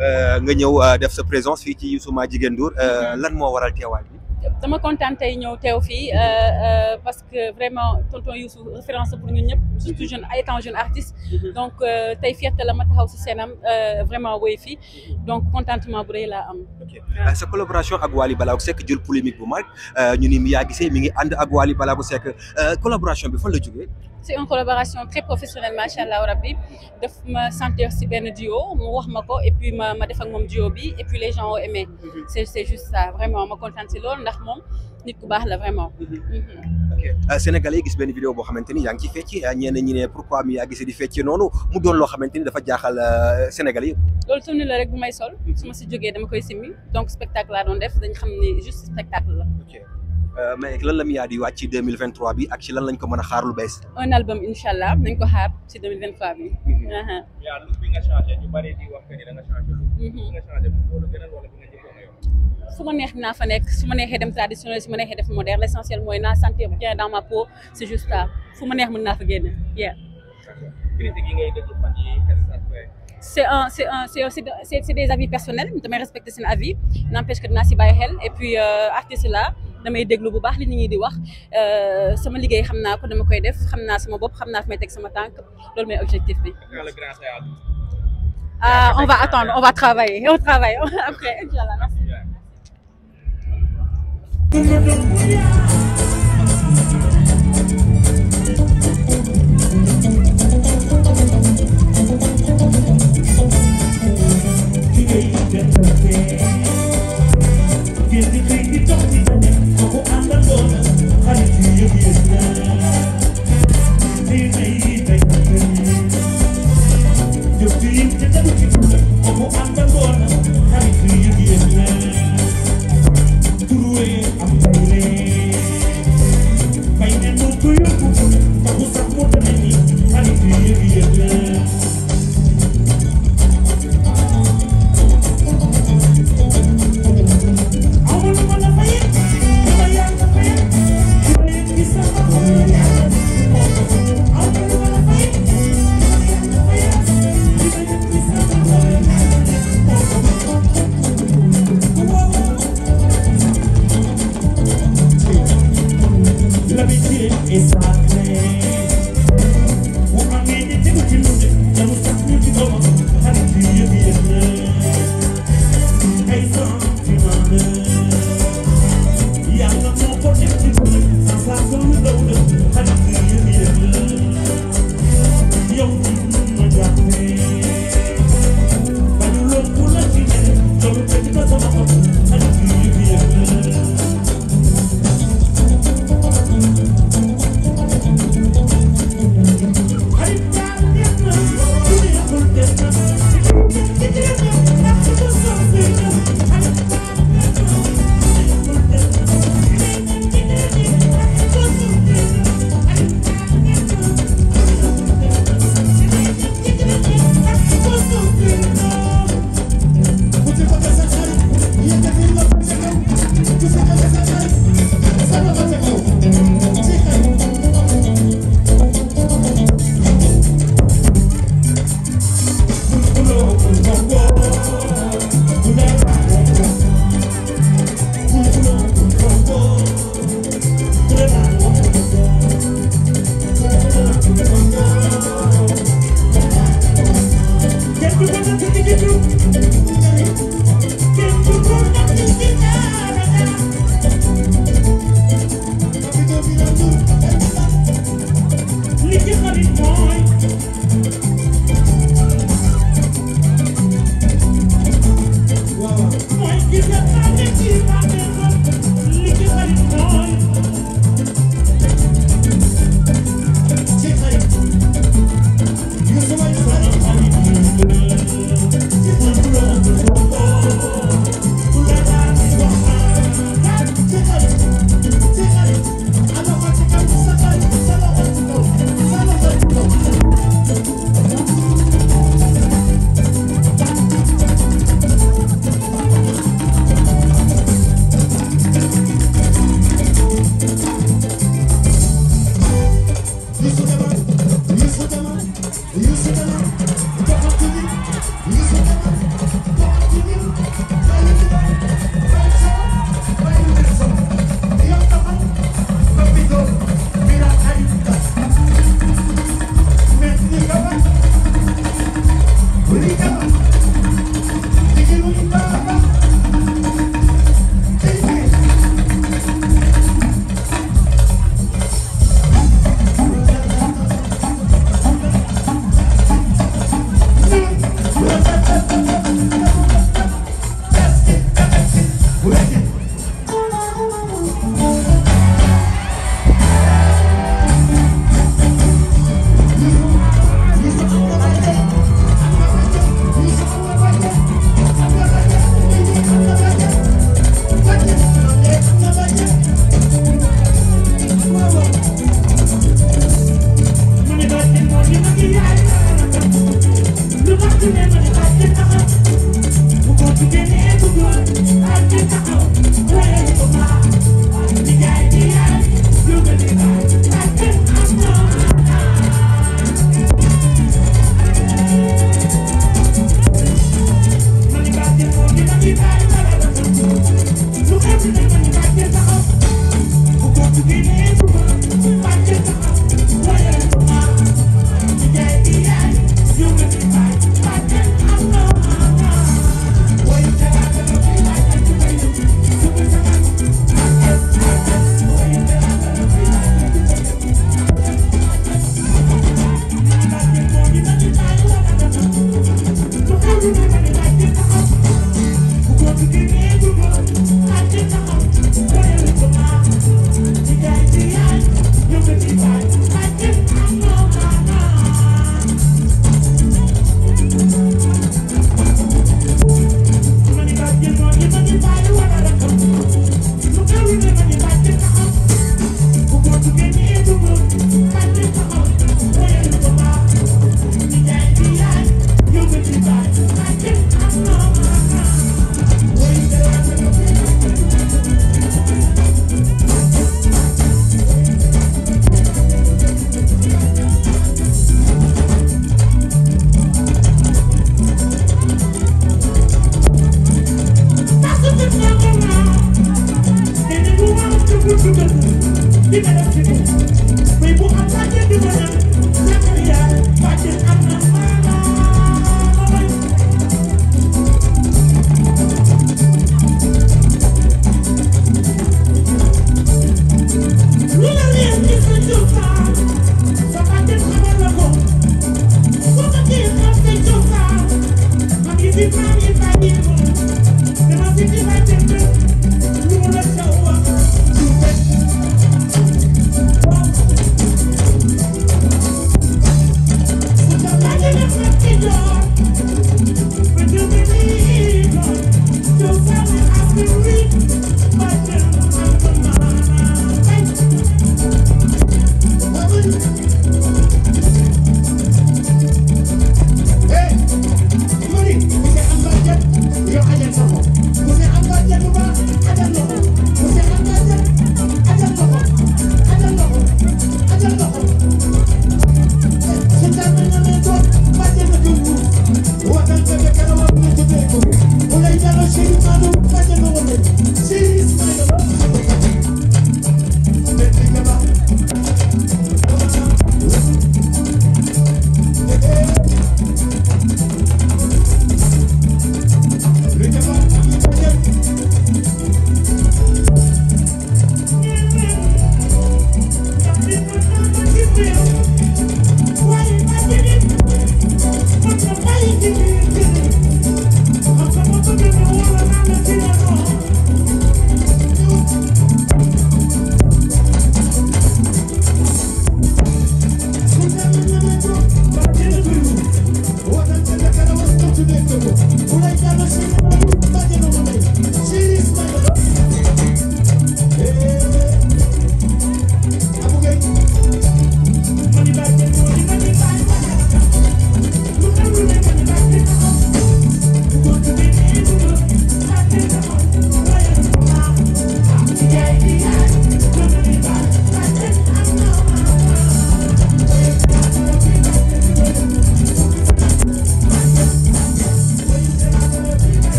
Euh, nga ñëw euh, def sa présence fii ci Youssouma Jigéen Ndour euh, mhm. lan moo waral teewaay bi. dama kontaan tey ñëw teew fii parce que vraiment tonton Youssou référence pour ñun ñëpp surtout mhm. jeune étant jeune artiste mhm. donc tey fierté la ma taxaw si seenam vraiment woy fii donc contentement bu rëy laa am sa collaboration ak bala Ballago Seck jël polémique bu mag ñu ni mi yaa gisee mi ngi ànd ak Wally Ballago Seck collaboration bi fan la jógee c'est une collaboration très professionnelle macha allah rabbi daf ma sentir si benn duo mu wax ma ko et puis ma ma def ak moom duo bi et puis les gens ont aimé. Mhm. c'est c'est ma kontaan si loolu ndax moom nit ku baax la vraiment. Mhm. Mhm. Euh, Sénégalais yi gis benn vidéo boo xamante ni yaa ngi ci fecc euh, ñenn ñi ne pourquoi mi yaa noonu mu doon loo xamante ni dafa jaaxal euh, Sénégalais yëpp. loolu tourné la rek bu may sol. su ma si jógee dama koy simmi donc spectacle laa doon def dañ xam ni juste spectacle la. Euh, mais lan la Mya di wàcc ci bi ak lan lañ ko mën a xaar lu bees. un album incha allah nañ ko xaar ci 2023 bi. yaa mhm. mhm. ma neex naa fa nekk su ma neexee dem traditionnel su ma neexee def moderne l' essentiel mooy naa sentir bien dans ma peau c' est juste ça fu ma neex mën naa fa génn yeah. critique yi ngay déglu fan yi c' est un c' est un c' est c' est des avis personnels damay respecter si bàyyi xel et puis euh, artiste là. damay déglu bu baax li nit di wax euh, sama liggéey xam naa ko dama koy def xam naa sama bopp xam naa fi may teg sama tànk loolu mooy objectif bi. Keep Thank you.